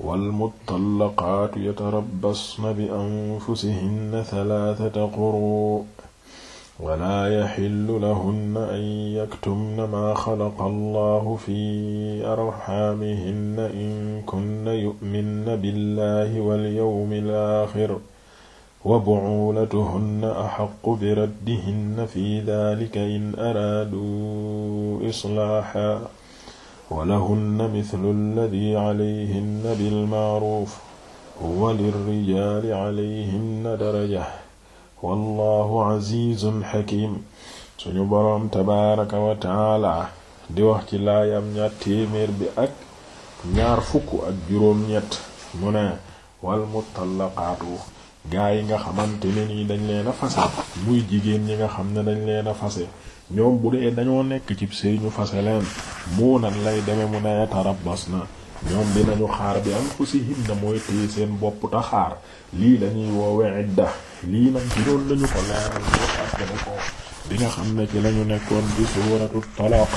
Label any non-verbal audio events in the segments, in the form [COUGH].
walmutallaqaatu yatarabbasna bi anfusihinna thalathata quru wala yaxillu lahunna an yaktumna maa xalaqa allahu fi arxaamihinna in kunna yu'minna billahi walyawmil aaxir wa bucuulatuhunna axaqqu biraddihinna fi daalika in araaduu islaaxa wala mithlu alladhi alayhinna bilma'ruf wa lirrijali alayhinna daraja wallahu azizun di wax ci laayam ñaar bi ak ñaar fukk ak juróom-ñett mu ne wal mutallaqaatu gaa yi nga xamante ne nii dañ leen a fase muy jigéen ñi nga xam ne dañ leen a fase ñoom bu dee dañoo nekk ci sëy ñu fase leen mu nan lay demee mu ne tarabbas na ñoom dinañu xaar bi anfusihim na mooy téye seen bopp ta xaar lii lañuy woowe idda lii nag ginoon lañu ko leeral boo fàttali ko bi nga xam ne ci lañu nekkoon ci suuratu talaq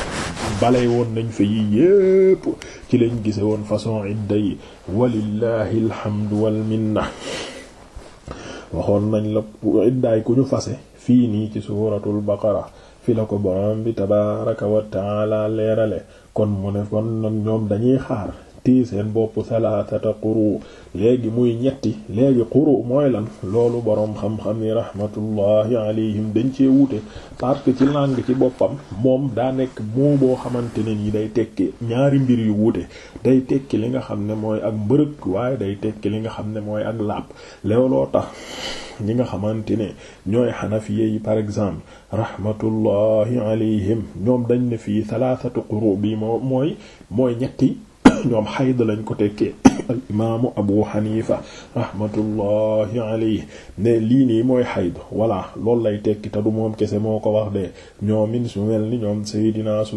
balay woon nañ fa yi yépp ci lañ gise woon façon idda yi walillahi alhamdu wal waxoon nañ la iddaay ku ñu fase fii nii ci suuratul baqara la ko borom bi tabaaraka wa taala leerale kon mu ne kon ñoom dañuy xaar tii seen bopp salaatata quru léegi muy ñetti léegi quru mooy lan loolu boroom xam-xam ni rahmatullahi alayhim dañ cee wuute park ci langue ci boppam moom daa nekk moo boo xamante ne nii day tekki ñaari mbir yu wuute day tekki li nga xam ne mooy ak mbërëg waaye day tekki li nga xam ne mooy ak laab looloo tax ñi nga xamante ne ñooy xanafiye yi par exemple rahmatullahi alayhim ñoom dañ ne fii salaatatu quru bi moo mooy mooy ñetti ñoom xayd lañ ko tekkee [COUGHS] al imaamu abu xanifa rahmatullahi alayhi ne lii nii mooy xayd voilà loolu lay tekki te du moom kese moo ko wax de ñoomin su mel ni ñoom seydina al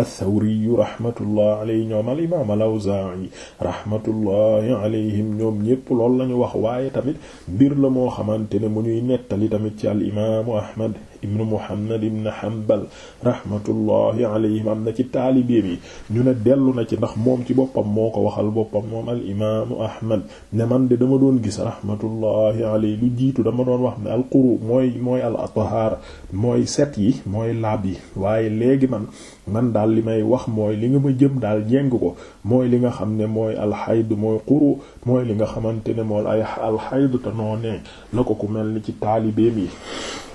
athawriyu rahmatullahi alayhi ñoom al imaam al awzaa'i rahmatullahi alayhim ñoom ñépp loolu lañu wax waaye tamit mbir la moo xamante ne mu ñuy nettali tamit ci al imaamu ahmad ibnu muhammad ibnu hanbal rahmatullahi alayhim am na ci taalibe yi ñu ne dellu na ci ndax moom ci boppam moo ko waxal boppam moom al imaamu ahmad ne man de dama doon gis rahmatullahi alayhi lu jiitu dama doon wax ne al quru mooy mooy al athaar mooy set yi mooy laab yi waaye léegi man man daal li may wax mooy li nga ma jëm daal jéng ko mooy li nga xam ne mooy alxayd mooy quru mooy li nga xamante ne mooy ay alxayd te noonee la ko ku mel ni ci taalibeem yi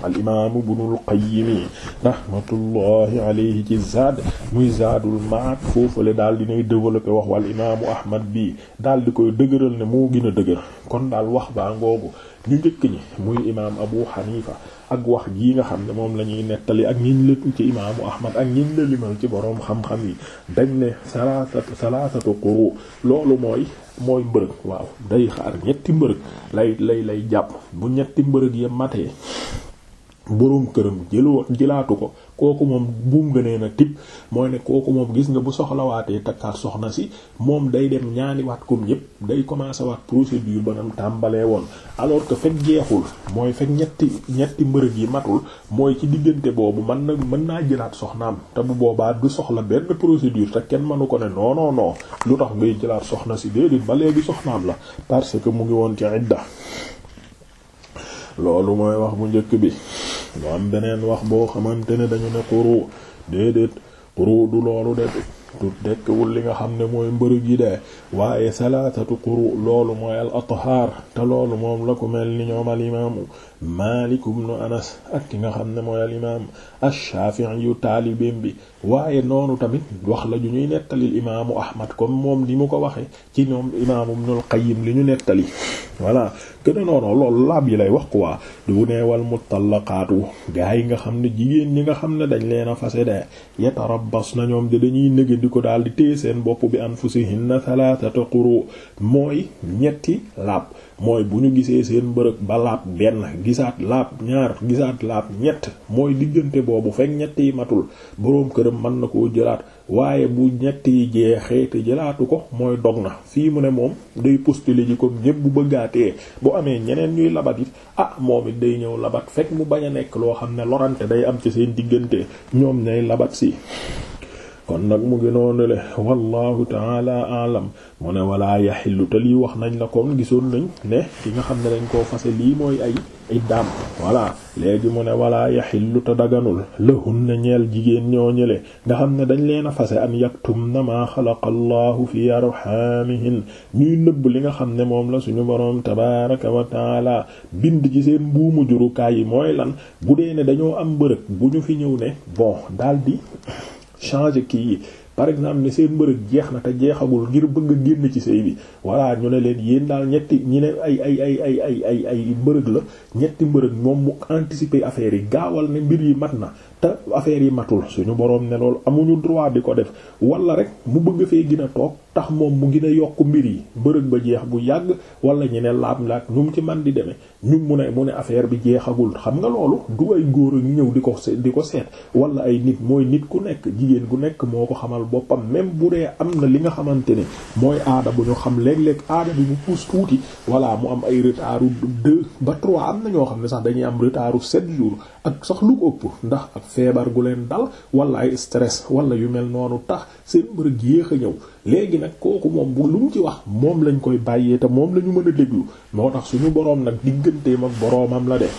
al ibnul qayyim rahmatullahi alayhi ci zaad muy zaadul maat foofule daal dinay développé wax wal imaamu ahmad bi daal di koy dëgëral ne moo gën a dëgër kon daal wax baa ngoogu ñu njëkk ñi muy imaam abu xanifa ak wax jii nga xam ne moom la ñuy nettali ak ñiñ la ci imaamu ahmad ak ñiñ la limal ci boroom xam-xam yi dañ ne salaasatu salaasatu quru loolu mooy mooy mbërëg waaw day xaar ñetti mbërëg lay lay jàpp bu ñetti mbërëg ya matee boroom këram jëloo jëlaatu ko kooku moom buum gënee na tip mooy ne kooku moom gis nga bu soxlawaatee takkaat soxna si moom day dem ñaani waat comme ñëpp day commencer waat procédure banam tàmbalee woon alors que fekk jeexul mooy fekk ñetti ñetti yi matul mooy ci diggante boobu mën na mën naa jëlaat soxnaam te bu boobaa soxla benn procédure te kenn mënu ko ne non non lu tax ngay jëlaat soxna si déedéet ba léegi soxnaam la parce que mu ngi woon ci idda loolu mooy wax bu njëkk bi mu beneen wax boo xamante ne dañu ne xuru déedéet xuru du loolu de du tekkiwul li nga xam ne mooy mbërëg yi de waaye salaatatu xuru loolu mooy al athaar te loolu moom la ko mel ni ñoom al imaamu Maalik ibnu Anas ak ki nga xam ne mooy al imaam ash-Shaafi'i yu taalibeem bi waaye noonu tamit wax la ju ñuy nettali imaamu Ahmad comme moom ni mu ko waxe ci ñoom imaamu Ibnul Qayyim li ñu nettali voilà que noonu loolu laab yi lay wax ko quoi du neewal mutallaqaatu gaa yi nga xam ne jigéen ñi nga xam ne dañ leen a fase de yatarabbas na ñoom de dañuy nëgë di ko daal di téye seen bopp bi anfusihinna thalathata quru mooy ñetti laab mooy bu ñu gisee seen mbërëg ba laab benn gisaat laab ñaar gisaat laab ñett mooy diggante boobu fekk ñett yi matul boroom këram mën na ko jëlaat waaye bu ñett yi jeexee te jëlaatu ko mooy dog na fii mu ne moom day postuler ji comme ñépp bu bëggaatee bu amee ñeneen ñuy labat yi ah moom it day ñëw labat fekk mu bañ a nekk loo xam ne lorante day am ci seen diggante ñoom ñay labat si kon nag mu ngi noonu le wallahu taala alam mu ne walaa yaxillu te lii wax nañ la kon gisoon nañ ne ki nga xam ne dañ koo fase lii mooy ay iddaam voilà léegi mu ne walaa yaxillu te daganul lahunna ñeel jigéen ñoo ñële nga xam ne dañ leen a fase an yaktumna maa xalaqa allahu fi arxaamihin ñuy nëbb li nga xam ne moom la suñu boroom tabaraka wa bind ci seen mbuumu jurukaay yi mooy lan bu dee ne dañoo am bërëg bu ñu fi ñëw ne bon daldi changer kii yi par exemple ne seen mbërëg jeex na te jeexagul ngir bëgg a génn ci sëy bi voilà ñu ne leen yéen daal ñetti ñi ne ay ay ay ay ay ay ay mbërëg la ñetti mbërëg moom mu anticiper affaire yi gaawal ne mbir yi mat na te affaire yi matul suñu boroom ne loolu amuñu droit di ko def wala rek mu bëgg fee gën a toog tax moom mu gën a yokk mbir yi bërëg ba jeex bu yàgg wala ñu ne laam laak ñu mu ci man di demee ñu mu ne mu ne affaire bi jeexagul xam nga loolu du ay góor ak ñëw di ko di ko seet wala ay nit mooy nit ku nekk jigéen gu nekk moo ko xamal boppam même bu dee am na li nga xamante ne mooy aada bu ñu xam léeg-léeg aada bi mu pousse tuuti walaa mu am ay retardu deux ba trois am na ñoo xam ne sax dañuy am retardu sept jours ak sax lu feebar gu leen dal wala ay stress wala yu mel noonu tax seen mbërëg yéex a ñëw léegi nag kooku moom bu lu mu ci wax moom lañ koy bàyyee te moom la ñu mën a déglu moo tax suñu boroom nag digganteem ak boroomam la de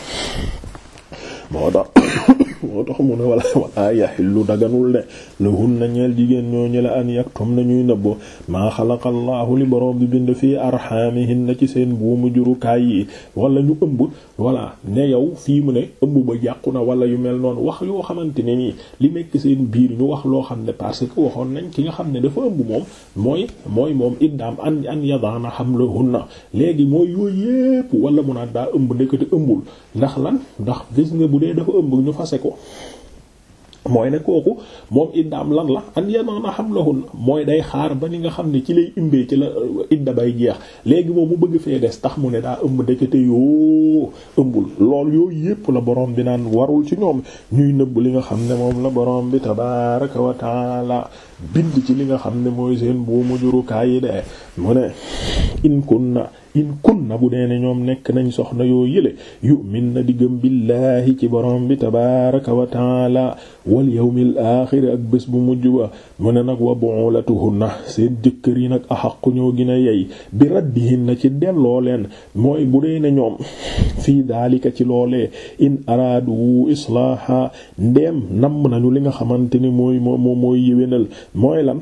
moo tax mu ne wala wala yaxillu daganul de la hun na ñeel jigéen ñoo ñi la an yaktum nañuy nëbbo maa xalaqa allahu li boroom bi bind fii arxaamihin na ci seen buumu jurukaay yi wala ñu ëmb voilà ne yow fii mu ne ëmb ba yàqu na wala yu mel noonu wax yoo xamante ne nii li nekk seen biir ñu wax loo xam ne parce que waxoon nañ ki nga xam ne dafa ëmb moom mooy mooy moom iddaam an xam yadaana na léegi mooy yooyu yépp wala mu naan daa ëmb ndekete ëmbul ndax lan mooy ne kooku moom iddaam lan la an yadana hamlahun mooy day xaar ba ni nga xam ne ci lay imbee ci la euh, idda bay jeex léegi moom mu bëgg fee des tax mu ne daa ëmb dëkkate yoo ëmbul lool yooyu yépp la boroom bi naan warul ci ñoom ñuy nëbb li nga xam ne moom la borom bi tabaaraka wa taala bind ci li nga xam ne mooy seen boo mujjurukaay yi de mu ne in kunna bu dee ñoom nekk nañ soxna yoo yële yu'min na di gëm billaahi ci borom bi tabaaraka wa taala wal yawmil ak bés bu mujj ba mu ne nag wa bu'ulatuhunna seen jëkkër yi nag axaqu ñoo gën a yey bi raddihinna ci delloo leen mooy bu dee ne ñoom [LAUGHS] fii daalika ci loolee in araadu islaaha ndeem namm nañu li nga xamante ni mooy moo mooy yéwénal mooy lan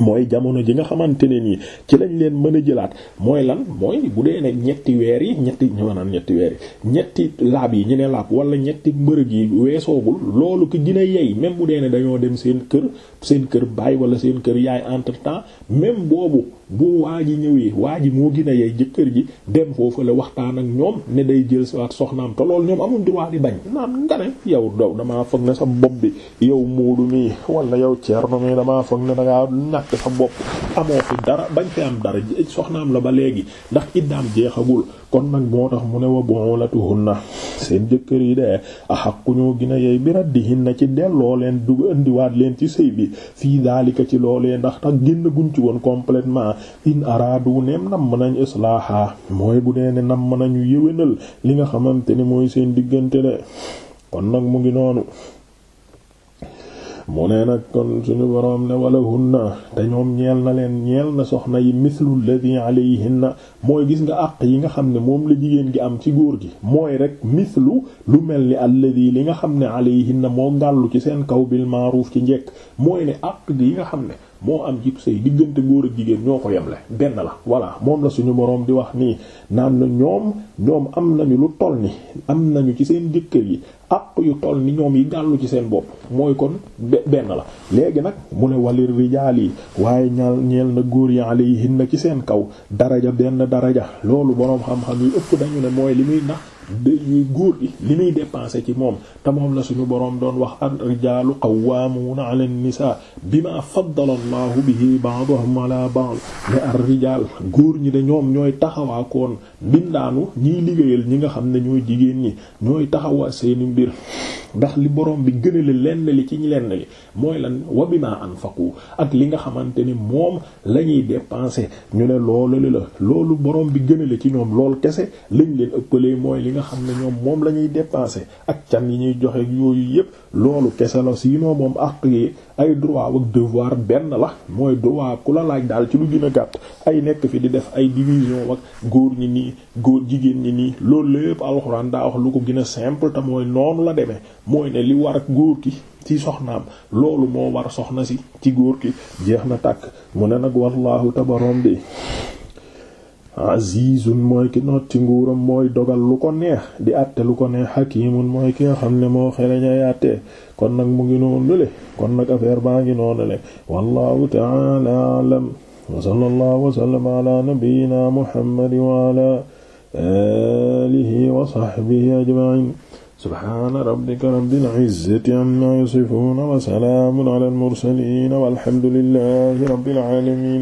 mooy jamono ji nga xamante ne nii ci lañ leen mën a jëlaat mooy lan mooy bu dee ne ñetti weer yi ñetti ñu naan ñetti weer yi ñetti laab yi ñu ne laab wala ñetti mbërëg yi weesoogul loolu ki ne yey même bu dee ne dañoo dem seen kër seen kër baay wala seen kër yaay entre temps même boobu boo waa ji ñëwee waa ji moo gën a jëkkër ji dem foofu la waxtaan ak ñoom ne day jël si waat soxnaam te loolu ñoom amuñ droit di bañ naan nga ne yow daw damaa foog ne sa bopp bi yow Moodu mii wala yow Thierno mii damaa foog ne da ngaa nàkk sa bopp amoo fi dara soxnaam la ba léegi ndax iddaam jeexagul kon nag moo tax mu ne waa wa bu'ulatuhunna seen jëkkër yi de ku ñoo gën a yey bi raddihinna ci delloo leen dug indiwaat leen ci sëy bi fii daalika ci loolee ndax tax génn guñ ci woon complètement in araadu neem namm nañ islaaha mooy bu dee ne nam nañu yéwénal li nga xamante ne mooy seen diggante de kon nag mu ngi noonu mu ne nag kon suñu boroom ne wala hunna te ñoom ñeel na leen ñeel na soxna yi mislu alladhi alayhinna mooy gis nga àq yi nga xam ne moom la jigéen gi am ci góor gi mooy rek mislu lu mel ni alladhi li nga xam ne alayhinna moo gàllu ci seen kaw bil ma'ruf ci njekk mooy ne àq gi nga xam ne moo am cib sëy diggante góor ak jigéen ñoo ko yemle benn la voilà moom la suñu moroom di wax nii naan na ñoom ñoom am nañu lu toll ni am nañu ci seen jëkkër yi àq yu toll ni ñoom yi gàllu ci seen bopp mooy kon benn la léegi nag mu ne walir rijaal yi waaye ñal ñeel na góor yi alayhin na ci seen kaw daraja benn daraja loolu boroom xam-xam yi ëpp dañu ne mooy li muy nax góor gi li muy dépensé ci moom te moom la suñu boroom doon wax ar rijaalu qawwaamuuna ala nisaa bima faddala allahu bihi ba'dahum ala ba'd ne ar rijaal góor ñi de ñoom ñooy taxawaakoon bindaanu ñiy liggéeyal ñi nga xam ne ñooy jigéen ñi ñooy taxawaa seeni mbir ndax li borom bi gënale lenn li ci lenn li mooy lan wa bima anfaqu ak li nga xamante ni moom la ñuy dépenser ñu ne loolu la loolu borom bi gënale ci ñoom lool kese lañ leen ëppalee mooy li nga xam ne ñoom moom la ñuy dépenser ak can yi ñuy joxe yooyu yépp loolu kese la sinon moom àq yi ay droit ak devoir benn la mooy droit ku la laaj daal ci lu gën gàtt ay nekk fi di def ay division ak góor ñi nii góor jigéen ñi nii loolu lépp alxuraan daa wax lu ko gën a simple te mooy noonu la demee mooy ne li war góor ki ci soxnaam loolu moo war soxna si ci góor ki jeex na tàkk mu ne nag wallaahu tabaroom bi azizun mooy ki notti nguuram mooy dogal lu ko neex di àtte lu ko neex hakimun mooy ki nga xam ne moo xereñay àtte kon nag mu ngi noonu le kon nag affaire baa ngi noonu le wallahu ta'ala a'lam wa sallallahu wa sallama ala nabiyyina muhammadin wa ala alihi wa sahbihi ajma'in subhana rabbika rabbil izzati amma yasifun wa salamun ala al mursalin walhamdulillahi rabbil alamin